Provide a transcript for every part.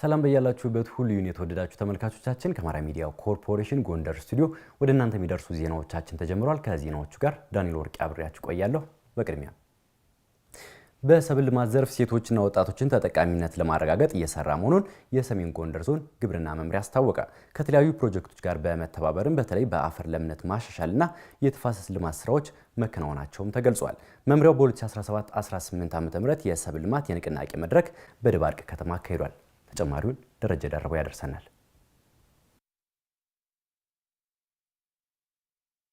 ሰላም በያላችሁበት ሁሉን የተወደዳችሁ ተመልካቾቻችን ከአማራ ሚዲያ ኮርፖሬሽን ጎንደር ስቱዲዮ ወደ እናንተ የሚደርሱ ዜናዎቻችን ተጀምሯል። ከዜናዎቹ ጋር ዳንኤል ወርቅ አብሬያችሁ ቆያለሁ። በቅድሚያ በሰብል ልማት ዘርፍ ሴቶችና ወጣቶችን ተጠቃሚነት ለማረጋገጥ እየሰራ መሆኑን የሰሜን ጎንደር ዞን ግብርና መምሪያ አስታወቀ። ከተለያዩ ፕሮጀክቶች ጋር በመተባበርም በተለይ በአፈር ለምነት ማሻሻልና የተፋሰስ ልማት ስራዎች መከናወናቸውም ተገልጿል። መምሪያው በ2017/18 ም የሰብል ልማት የንቅናቄ መድረክ በድባርቅ ከተማ አካሂዷል። ተጨማሪውን ደረጀ ዳርቦ ያደርሰናል።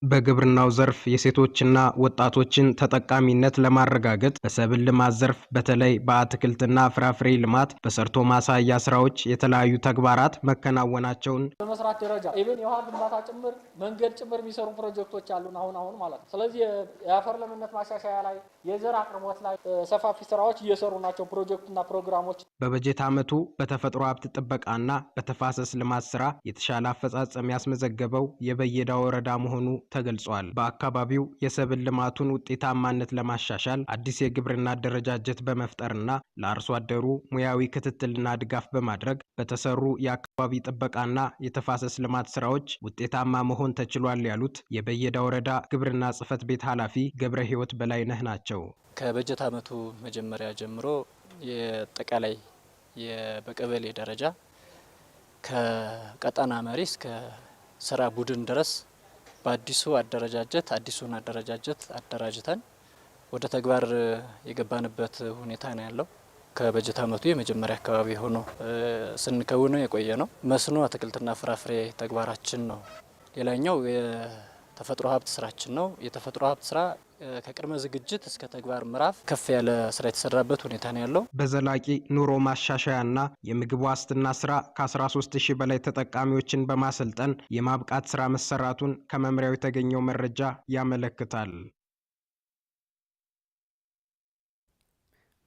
በግብርናው ዘርፍ የሴቶችና ወጣቶችን ተጠቃሚነት ለማረጋገጥ በሰብል ልማት ዘርፍ በተለይ በአትክልትና ፍራፍሬ ልማት በሰርቶ ማሳያ ስራዎች የተለያዩ ተግባራት መከናወናቸውን በመስራት ደረጃ ኢቨን የውሃ ግንባታ ጭምር መንገድ ጭምር የሚሰሩ ፕሮጀክቶች አሉን አሁን አሁን ማለት ነው። ስለዚህ የአፈር ለምነት ማሻሻያ ላይ የዘር አቅርቦት ላይ ሰፋፊ ስራዎች እየሰሩ ናቸው ፕሮጀክቱና ፕሮግራሞች። በበጀት ዓመቱ በተፈጥሮ ሀብት ጥበቃና በተፋሰስ ልማት ስራ የተሻለ አፈጻጸም ያስመዘገበው የበየዳ ወረዳ መሆኑ ተገልጿል። በአካባቢው የሰብል ልማቱን ውጤታማነት ለማሻሻል አዲስ የግብርና አደረጃጀት በመፍጠርና ለአርሶ አደሩ ሙያዊ ክትትልና ድጋፍ በማድረግ በተሰሩ የአካባቢ ጥበቃና የተፋሰስ ልማት ስራዎች ውጤታማ መሆን ተችሏል ያሉት የበየዳ ወረዳ ግብርና ጽህፈት ቤት ኃላፊ ገብረ ሕይወት በላይነህ ናቸው። ከበጀት ዓመቱ መጀመሪያ ጀምሮ የጠቃላይ በቀበሌ ደረጃ ከቀጠና መሪ እስከ ስራ ቡድን ድረስ በአዲሱ አደረጃጀት አዲሱን አደረጃጀት አደራጅተን ወደ ተግባር የገባንበት ሁኔታ ነው ያለው። ከበጀት አመቱ የመጀመሪያ አካባቢ ሆኖ ስንከውነው የቆየ ነው። መስኖ አትክልትና ፍራፍሬ ተግባራችን ነው። ሌላኛው ተፈጥሮ ሀብት ስራችን ነው። የተፈጥሮ ሀብት ስራ ከቅድመ ዝግጅት እስከ ተግባር ምዕራፍ ከፍ ያለ ስራ የተሰራበት ሁኔታ ነው ያለው። በዘላቂ ኑሮ ማሻሻያና የምግብ ዋስትና ስራ ከ13 ሺ በላይ ተጠቃሚዎችን በማሰልጠን የማብቃት ስራ መሰራቱን ከመምሪያው የተገኘው መረጃ ያመለክታል።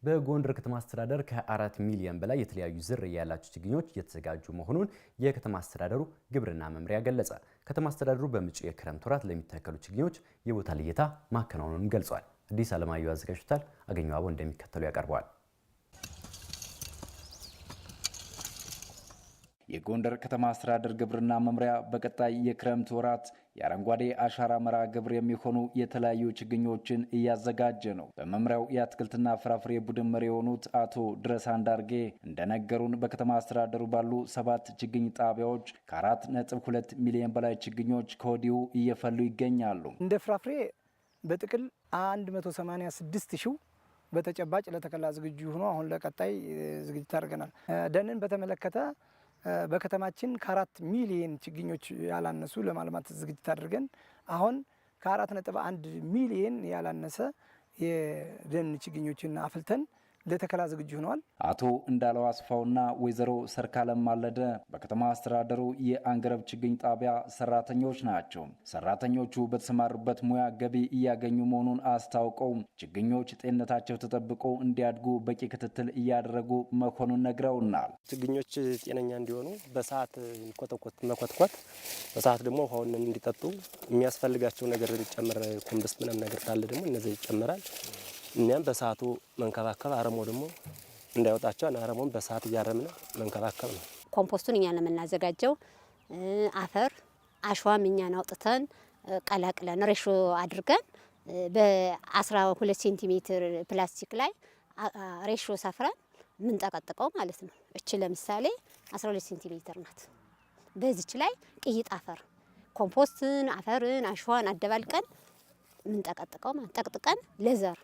በጎንደር ከተማ አስተዳደር ከአራት ሚሊዮን በላይ የተለያዩ ዝርያ ያላቸው ችግኞች እየተዘጋጁ መሆኑን የከተማ አስተዳደሩ ግብርና መምሪያ ገለጸ። ከተማ አስተዳደሩ በመጪው የክረምት ወራት ለሚተከሉ ችግኞች የቦታ ልየታ ማከናወኑን ገልጿል። አዲስ አለማየሁ አዘጋጅቶታል። አገኘው አቦ እንደሚከተሉ ያቀርበዋል። የጎንደር ከተማ አስተዳደር ግብርና መምሪያ በቀጣይ የክረምት ወራት የአረንጓዴ አሻራ መርሃ ግብር የሚሆኑ የተለያዩ ችግኞችን እያዘጋጀ ነው። በመምሪያው የአትክልትና ፍራፍሬ ቡድን መሪ የሆኑት አቶ ድረስ አንዳርጌ እንደነገሩን በከተማ አስተዳደሩ ባሉ ሰባት ችግኝ ጣቢያዎች ከአራት ነጥብ ሁለት ሚሊዮን በላይ ችግኞች ከወዲሁ እየፈሉ ይገኛሉ። እንደ ፍራፍሬ በጥቅል 186 ሺው በተጨባጭ ለተከላ ዝግጁ ሆኖ አሁን ለቀጣይ ዝግጅት አድርገናል። ደንን በተመለከተ በከተማችን ከአራት ሚሊየን ችግኞች ያላነሱ ለማልማት ዝግጅት አድርገን አሁን ከአራት ነጥብ አንድ ሚሊየን ያላነሰ የደን ችግኞችን አፍልተን ለተከላ ዝግጁ ሆነዋል። አቶ እንዳለው አስፋውና ወይዘሮ ሰርካለም ማለደ በከተማ አስተዳደሩ የአንገረብ ችግኝ ጣቢያ ሰራተኞች ናቸው። ሰራተኞቹ በተሰማሩበት ሙያ ገቢ እያገኙ መሆኑን አስታውቀው ችግኞች ጤንነታቸው ተጠብቆ እንዲያድጉ በቂ ክትትል እያደረጉ መሆኑን ነግረውናል። ችግኞች ጤነኛ እንዲሆኑ በሰዓት ኮተኮት መኮትኮት፣ በሰዓት ደግሞ ውሃውን እንዲጠጡ የሚያስፈልጋቸው ነገር ጨምር ኮምበስት ምንም ነገር ካለ ደግሞ እነዚህ ይጨምራል። እኛም በሰዓቱ መንከባከብ፣ አረሞ ደግሞ እንዳይወጣቸው አረሞን በሰዓት እያረምን መንከባከብ ነው። ኮምፖስቱን እኛ ነው የምናዘጋጀው። አፈር አሸዋም እኛን አውጥተን ቀላቅለን ሬሾ አድርገን በ12 ሴንቲሜትር ፕላስቲክ ላይ ሬሾ ሰፍረን የምንጠቀጥቀው ማለት ነው። እች ለምሳሌ 12 ሴንቲሜትር ናት። በዚች ላይ ቅይጥ አፈር ኮምፖስትን፣ አፈርን፣ አሸዋን አደባልቀን የምንጠቀጥቀው ጠቅጥቀን ለዘር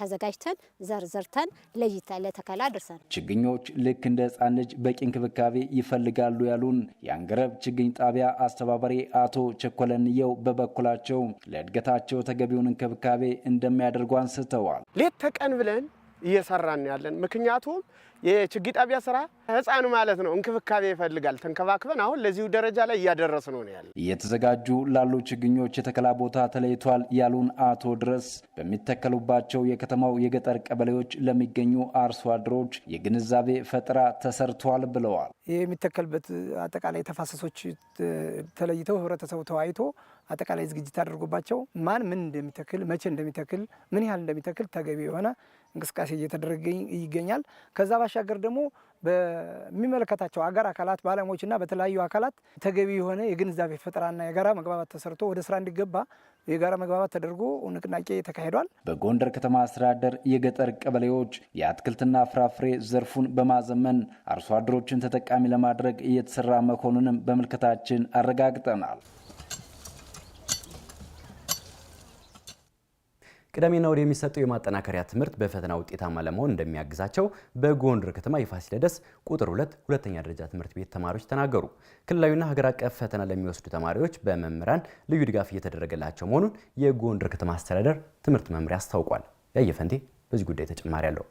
ተዘጋጅተን ዘርዝርተን ለይተን ለተከላ ደርሰን ችግኞች ልክ እንደ ህፃን ልጅ በቂ እንክብካቤ ይፈልጋሉ ያሉን የአንገረብ ችግኝ ጣቢያ አስተባባሪ አቶ ቸኮለንየው በበኩላቸው ለእድገታቸው ተገቢውን እንክብካቤ እንደሚያደርጉ አንስተዋል። ሌት ተቀን ብለን እየሰራን ያለን። ምክንያቱም የችግኝ ጣቢያ ስራ ህፃን ማለት ነው እንክብካቤ ይፈልጋል። ተንከባክበን አሁን ለዚሁ ደረጃ ላይ እያደረስ ነው ያለ። እየተዘጋጁ ላሉ ችግኞች የተከላ ቦታ ተለይቷል ያሉን አቶ ድረስ በሚተከሉባቸው የከተማው የገጠር ቀበሌዎች ለሚገኙ አርሶ አደሮች የግንዛቤ ፈጠራ ተሰርቷል ብለዋል። ይህ የሚተከልበት አጠቃላይ ተፋሰሶች ተለይተው ህብረተሰቡ ተወያይቶ አጠቃላይ ዝግጅት አድርጎባቸው ማን ምን እንደሚተክል መቼ እንደሚተክል ምን ያህል እንደሚተክል ተገቢ የሆነ እንቅስቃሴ እየተደረገ ይገኛል። ከዛ ባሻገር ደግሞ በሚመለከታቸው አገር አካላት ባለሙያዎችና በተለያዩ አካላት ተገቢ የሆነ የግንዛቤ ፈጠራና የጋራ መግባባት ተሰርቶ ወደ ስራ እንዲገባ የጋራ መግባባት ተደርጎ ንቅናቄ ተካሂዷል። በጎንደር ከተማ አስተዳደር የገጠር ቀበሌዎች የአትክልትና ፍራፍሬ ዘርፉን በማዘመን አርሶ አደሮችን ተጠቃሚ ለማድረግ እየተሰራ መሆኑንም በምልከታችን አረጋግጠናል። ቅዳሜና ወደ የሚሰጠው የማጠናከሪያ ትምህርት በፈተና ውጤታማ ለመሆን እንደሚያግዛቸው በጎንደር ከተማ የፋሲለደስ ቁጥር ሁለት ሁለተኛ ደረጃ ትምህርት ቤት ተማሪዎች ተናገሩ። ክልላዊና ሀገር አቀፍ ፈተና ለሚወስዱ ተማሪዎች በመምህራን ልዩ ድጋፍ እየተደረገላቸው መሆኑን የጎንደር ከተማ አስተዳደር ትምህርት መምሪያ አስታውቋል። ያየፈንቴ በዚህ ጉዳይ ተጨማሪ አለው።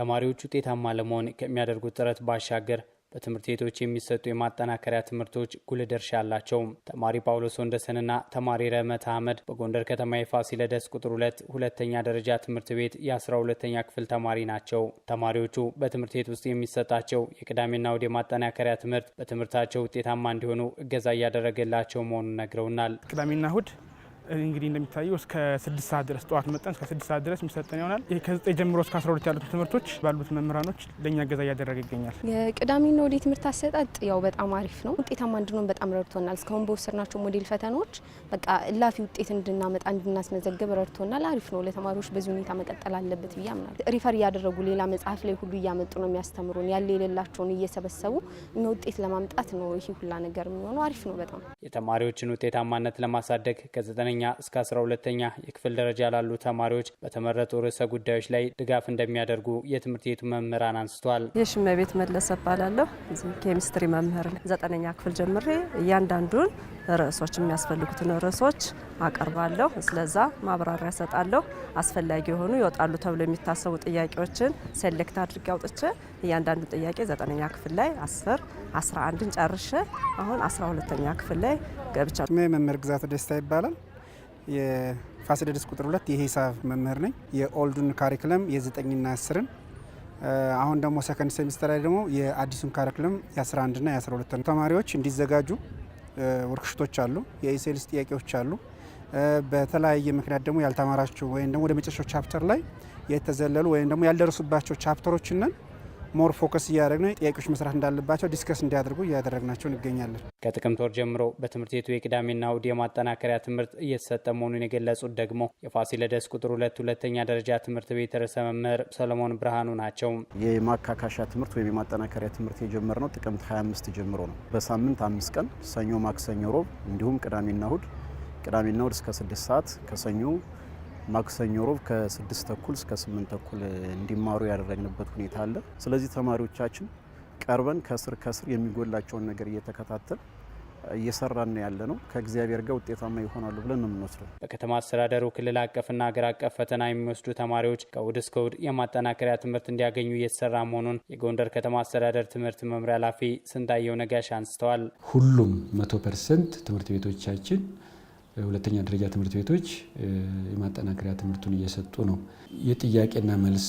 ተማሪዎች ውጤታማ ለመሆን ከሚያደርጉት ጥረት ባሻገር በትምህርት ቤቶች የሚሰጡ የማጠናከሪያ ትምህርቶች ጉልህ ድርሻ አላቸው። ተማሪ ጳውሎስ ወንደሰንና ተማሪ ረመት አህመድ በጎንደር ከተማ የፋሲለደስ ቁጥር ሁለት ሁለተኛ ደረጃ ትምህርት ቤት የአስራ ሁለተኛ ክፍል ተማሪ ናቸው። ተማሪዎቹ በትምህርት ቤት ውስጥ የሚሰጣቸው የቅዳሜና እሁድ የማጠናከሪያ ትምህርት በትምህርታቸው ውጤታማ እንዲሆኑ እገዛ እያደረገላቸው መሆኑን ነግረውናል። ቅዳሜና እሁድ እንግዲህ እንደሚታየው እስከ ስድስት ሰዓት ድረስ ጠዋት መጠን እስከ ስድስት ሰዓት ድረስ የሚሰጠን ይሆናል። ይህ ከዘጠኝ ጀምሮ እስከ አስራ ሁለት ያሉት ትምህርቶች ባሉት መምህራኖች ለእኛ ገዛ እያደረገ ይገኛል። የቅዳሜና ወደ ትምህርት አሰጣጥ ያው በጣም አሪፍ ነው። ውጤታማ እንድንሆን በጣም ረድቶናል። እስካሁን በወሰድናቸው ሞዴል ፈተናዎች በቃ እላፊ ውጤት እንድናመጣ እንድናስመዘግብ ረድቶናል። አሪፍ ነው። ለተማሪዎች በዚህ ሁኔታ መቀጠል አለበት ብዬ አምናለሁ። ሪፈር እያደረጉ ሌላ መጽሐፍ ላይ ሁሉ እያመጡ ነው የሚያስተምሩን። ያለ የሌላቸውን እየሰበሰቡ እኛ ውጤት ለማምጣት ነው ይህ ሁላ ነገር የሚሆነው። አሪፍ ነው በጣም የተማሪዎችን ውጤታማነት ለማሳደግ ከዘጠ ከአስረኛ እስከ አስራ ሁለተኛ የክፍል ደረጃ ላሉ ተማሪዎች በተመረጡ ርዕሰ ጉዳዮች ላይ ድጋፍ እንደሚያደርጉ የትምህርት ቤቱ መምህራን አንስተዋል። የሽመቤት መለሰ እባላለሁ። ኬሚስትሪ መምህር ዘጠነኛ ክፍል ጀምሬ እያንዳንዱን ርዕሶች የሚያስፈልጉትን ርዕሶች አቀርባለሁ። ስለዛ ማብራሪያ እሰጣለሁ። አስፈላጊ የሆኑ ይወጣሉ ተብሎ የሚታሰቡ ጥያቄዎችን ሴሌክት አድርጌ አውጥቼ እያንዳንዱ ጥያቄ ዘጠነኛ ክፍል ላይ አስር አስራ ጨርሼ አሁን አስራ ሁለተኛ ክፍል ላይ ገብቻ። ስሜ መምህር ግዛት ደስታ ይባላል። የፋሲለደስ ቁጥር ሁለት የሂሳብ መምህር ነኝ። የኦልዱን ካሪክለም የዘጠኝና አስርን አሁን ደግሞ ሰከንድ ሴሚስተር ላይ ደግሞ የአዲሱን ካሪክለም የ11ና የ12 ተማሪዎች እንዲዘጋጁ ወርክሽቶች አሉ፣ የኢሴልስ ጥያቄዎች አሉ። በተለያየ ምክንያት ደግሞ ያልተማራቸው ወይም ደግሞ ወደ መጨረሻው ቻፕተር ላይ የተዘለሉ ወይም ደግሞ ያልደረሱባቸው ቻፕተሮችንን ሞር ፎከስ እያደረግን ጥያቄዎች መስራት እንዳለባቸው ዲስከስ እንዲያደርጉ እያደረግናቸው እንገኛለን። ከጥቅምት ወር ጀምሮ በትምህርት ቤቱ የቅዳሜና እሁድ የማጠናከሪያ ትምህርት እየተሰጠ መሆኑን የገለጹት ደግሞ የፋሲለደስ ቁጥር ሁለት ሁለተኛ ደረጃ ትምህርት ቤት ርዕሰ መምህር ሰለሞን ብርሃኑ ናቸው። የማካካሻ ትምህርት ወይም የማጠናከሪያ ትምህርት የጀመርነው ጥቅምት 25 ጀምሮ ነው። በሳምንት አምስት ቀን ሰኞ፣ ማክሰኞ፣ ሮብ እንዲሁም ቅዳሜና እሁድ ቅዳሜና እሁድ እስከ ስድስት ሰዓት ከሰኞ ማክሰኞ ሮብ ከስድስት ተኩል እስከ ስምንት ተኩል እንዲማሩ ያደረግንበት ሁኔታ አለ። ስለዚህ ተማሪዎቻችን ቀርበን ከስር ከስር የሚጎላቸውን ነገር እየተከታተል እየሰራን ያለ ነው። ከእግዚአብሔር ጋር ውጤታማ ይሆናሉ ብለን ነው የምንወስደው። በከተማ አስተዳደሩ ክልል አቀፍና ሀገር አቀፍ ፈተና የሚወስዱ ተማሪዎች ከእሁድ እስከ እሁድ የማጠናከሪያ ትምህርት እንዲያገኙ እየተሰራ መሆኑን የጎንደር ከተማ አስተዳደር ትምህርት መምሪያ ኃላፊ ስንታየው ነጋሽ አንስተዋል። ሁሉም መቶ ፐርሰንት ትምህርት ቤቶቻችን ሁለተኛ ደረጃ ትምህርት ቤቶች የማጠናከሪያ ትምህርቱን እየሰጡ ነው። የጥያቄና መልስ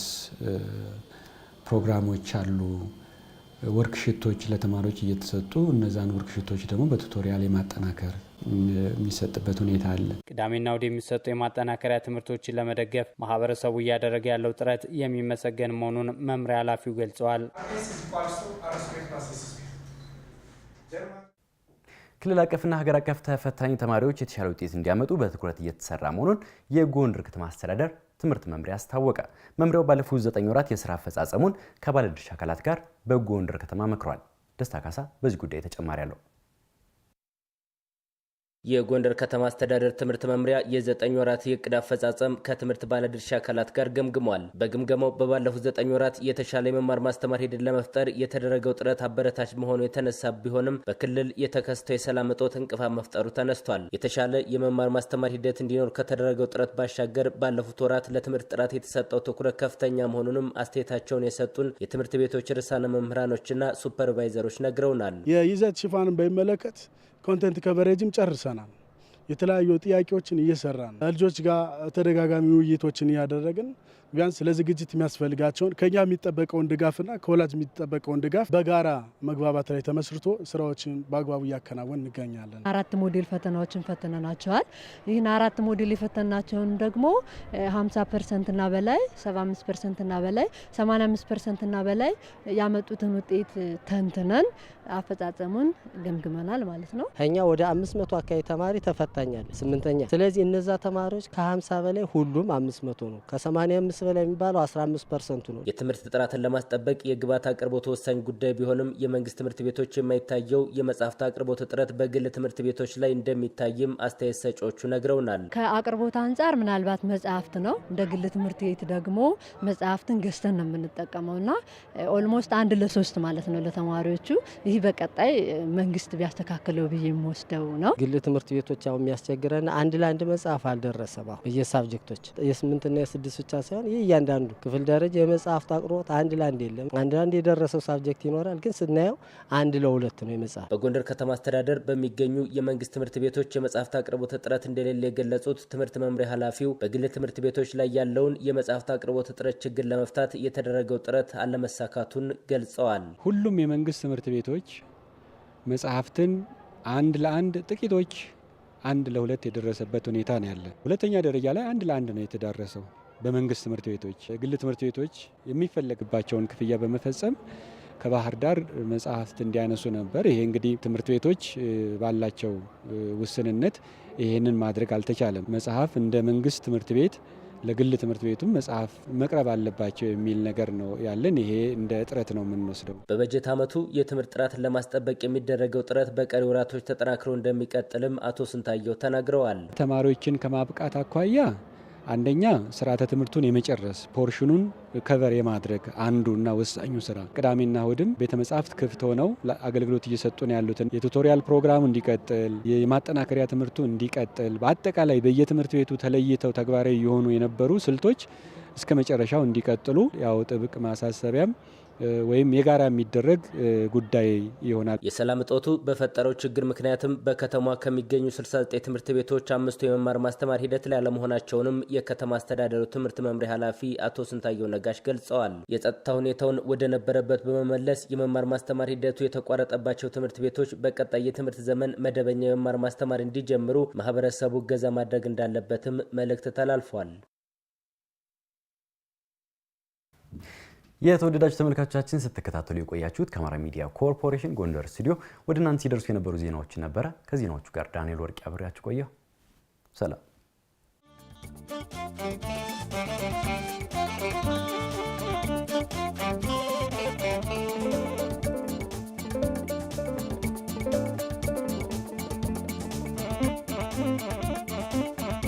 ፕሮግራሞች አሉ። ወርክሽቶች ለተማሪዎች እየተሰጡ እነዛን ወርክሽቶች ደግሞ በቱቶሪያል የማጠናከር የሚሰጥበት ሁኔታ አለ። ቅዳሜና እሁድ የሚሰጡ የማጠናከሪያ ትምህርቶችን ለመደገፍ ማህበረሰቡ እያደረገ ያለው ጥረት የሚመሰገን መሆኑን መምሪያ ኃላፊው ገልጸዋል። ክልል አቀፍና ሀገር አቀፍ ተፈታኝ ተማሪዎች የተሻለ ውጤት እንዲያመጡ በትኩረት እየተሰራ መሆኑን የጎንደር ከተማ አስተዳደር ትምህርት መምሪያ አስታወቀ። መምሪያው ባለፉት ዘጠኝ ወራት የስራ አፈጻጸሙን ከባለድርሻ አካላት ጋር በጎንደር ከተማ መክሯል። ደስታ ካሳ በዚህ ጉዳይ ተጨማሪ አለው። የጎንደር ከተማ አስተዳደር ትምህርት መምሪያ የዘጠኝ ወራት የእቅድ አፈጻጸም ከትምህርት ባለድርሻ አካላት ጋር ገምግሟል። በግምገማው በባለፉት ዘጠኝ ወራት የተሻለ የመማር ማስተማር ሂደት ለመፍጠር የተደረገው ጥረት አበረታች መሆኑ የተነሳ ቢሆንም በክልል የተከስተው የሰላም እጦት እንቅፋት መፍጠሩ ተነስቷል። የተሻለ የመማር ማስተማር ሂደት እንዲኖር ከተደረገው ጥረት ባሻገር ባለፉት ወራት ለትምህርት ጥራት የተሰጠው ትኩረት ከፍተኛ መሆኑንም አስተያየታቸውን የሰጡን የትምህርት ቤቶች ርዕሳነ መምህራኖችና ሱፐርቫይዘሮች ነግረውናል። የይዘት ሽፋንን በሚመለከት ኮንተንት ከቨሬጅም ጨርሰናል። የተለያዩ ጥያቄዎችን እየሰራን ልጆች ጋር ተደጋጋሚ ውይይቶችን እያደረግን ቢያንስ ለዝግጅት የሚያስፈልጋቸውን ከኛ የሚጠበቀውን ድጋፍና ከወላጅ የሚጠበቀውን ድጋፍ በጋራ መግባባት ላይ ተመስርቶ ስራዎችን በአግባቡ እያከናወን እንገኛለን። አራት ሞዴል ፈተናዎችን ፈትነናቸዋል። ይህን አራት ሞዴል የፈተናቸውን ደግሞ 50 ፐርሰንትና በላይ 75 ፐርሰንትና በላይ 85 ፐርሰንትና በላይ ያመጡትን ውጤት ተንትነን አፈጻጸሙን ገምግመናል ማለት ነው። ከኛ ወደ 500 አካባቢ ተማሪ ተፈታኛል ስምንተኛ። ስለዚህ እነዛ ተማሪዎች ከ50 በላይ ሁሉም 500 ነው ከ85 በላይ የሚባለው 15 ፐርሰንቱ ነው። የትምህርት ጥራትን ለማስጠበቅ የግብዓት አቅርቦት ወሳኝ ጉዳይ ቢሆንም የመንግስት ትምህርት ቤቶች የማይታየው የመጽሐፍት አቅርቦት እጥረት በግል ትምህርት ቤቶች ላይ እንደሚታይም አስተያየት ሰጪዎቹ ነግረውናል። ከአቅርቦት አንጻር ምናልባት መጽሐፍት ነው። እንደ ግል ትምህርት ቤት ደግሞ መጽሐፍትን ገዝተን ነው የምንጠቀመው እና ኦልሞስት አንድ ለሶስት ማለት ነው ለተማሪዎቹ። ይህ በቀጣይ መንግስት ቢያስተካክለው ብዬ የምወስደው ነው። ግል ትምህርት ቤቶች ያው የሚያስቸግረን አንድ ለአንድ መጽሐፍ አልደረሰም። በየሳብጀክቶች የስምንትና የስድስት ብቻ ሳይሆን እያንዳንዱ ክፍል ደረጃ የመጽሐፍት አቅርቦት አንድ ለአንድ የለም። አንድ ለአንድ የደረሰው ሳብጀክት ይኖራል፣ ግን ስናየው አንድ ለሁለት ነው የመጽሐፍ። በጎንደር ከተማ አስተዳደር በሚገኙ የመንግስት ትምህርት ቤቶች የመጽሐፍት አቅርቦት እጥረት እንደሌለ የገለጹት ትምህርት መምሪያ ኃላፊው በግል ትምህርት ቤቶች ላይ ያለውን የመጽሐፍት አቅርቦት እጥረት ችግር ለመፍታት የተደረገው ጥረት አለመሳካቱን ገልጸዋል። ሁሉም የመንግስት ትምህርት ቤቶች መጽሐፍትን አንድ ለአንድ ጥቂቶች አንድ ለሁለት የደረሰበት ሁኔታ ነው ያለ። ሁለተኛ ደረጃ ላይ አንድ ለአንድ ነው የተዳረሰው። በመንግስት ትምህርት ቤቶች፣ ግል ትምህርት ቤቶች የሚፈለግባቸውን ክፍያ በመፈጸም ከባህር ዳር መጽሐፍት እንዲያነሱ ነበር። ይሄ እንግዲህ ትምህርት ቤቶች ባላቸው ውስንነት ይሄንን ማድረግ አልተቻለም። መጽሐፍ እንደ መንግስት ትምህርት ቤት ለግል ትምህርት ቤቱም መጽሐፍ መቅረብ አለባቸው የሚል ነገር ነው ያለን። ይሄ እንደ ጥረት ነው የምንወስደው። በበጀት ዓመቱ የትምህርት ጥራትን ለማስጠበቅ የሚደረገው ጥረት በቀሪ ወራቶች ተጠናክሮ እንደሚቀጥልም አቶ ስንታየው ተናግረዋል። ተማሪዎችን ከማብቃት አኳያ አንደኛ ስርዓተ ትምህርቱን የመጨረስ ፖርሽኑን ከቨር የማድረግ አንዱና ወሳኙ ስራ። ቅዳሜና እሁድም ቤተ መጻሕፍት ክፍት ሆነው አገልግሎት እየሰጡን ያሉትን የቱቶሪያል ፕሮግራሙ እንዲቀጥል፣ የማጠናከሪያ ትምህርቱ እንዲቀጥል፣ በአጠቃላይ በየትምህርት ቤቱ ተለይተው ተግባራዊ የሆኑ የነበሩ ስልቶች እስከ መጨረሻው እንዲቀጥሉ ያው ጥብቅ ማሳሰቢያም ወይም የጋራ የሚደረግ ጉዳይ ይሆናል። የሰላም እጦቱ በፈጠረው ችግር ምክንያትም በከተማ ከሚገኙ 69 ትምህርት ቤቶች አምስቱ የመማር ማስተማር ሂደት ላይ አለመሆናቸውንም የከተማ አስተዳደሩ ትምህርት መምሪያ ኃላፊ አቶ ስንታየው ነጋሽ ገልጸዋል። የጸጥታ ሁኔታውን ወደ ነበረበት በመመለስ የመማር ማስተማር ሂደቱ የተቋረጠባቸው ትምህርት ቤቶች በቀጣይ የትምህርት ዘመን መደበኛ የመማር ማስተማር እንዲጀምሩ ማህበረሰቡ እገዛ ማድረግ እንዳለበትም መልእክት ተላልፏል። የተወደዳችሁ ተመልካቾቻችን ስትከታተሉ የቆያችሁት ከአማራ ሚዲያ ኮርፖሬሽን ጎንደር ስቱዲዮ ወደ እናንተ ሲደርሱ የነበሩ ዜናዎችን ነበረ። ከዜናዎቹ ጋር ዳንኤል ወርቅ አብሬያችሁ ቆየሁ። ሰላም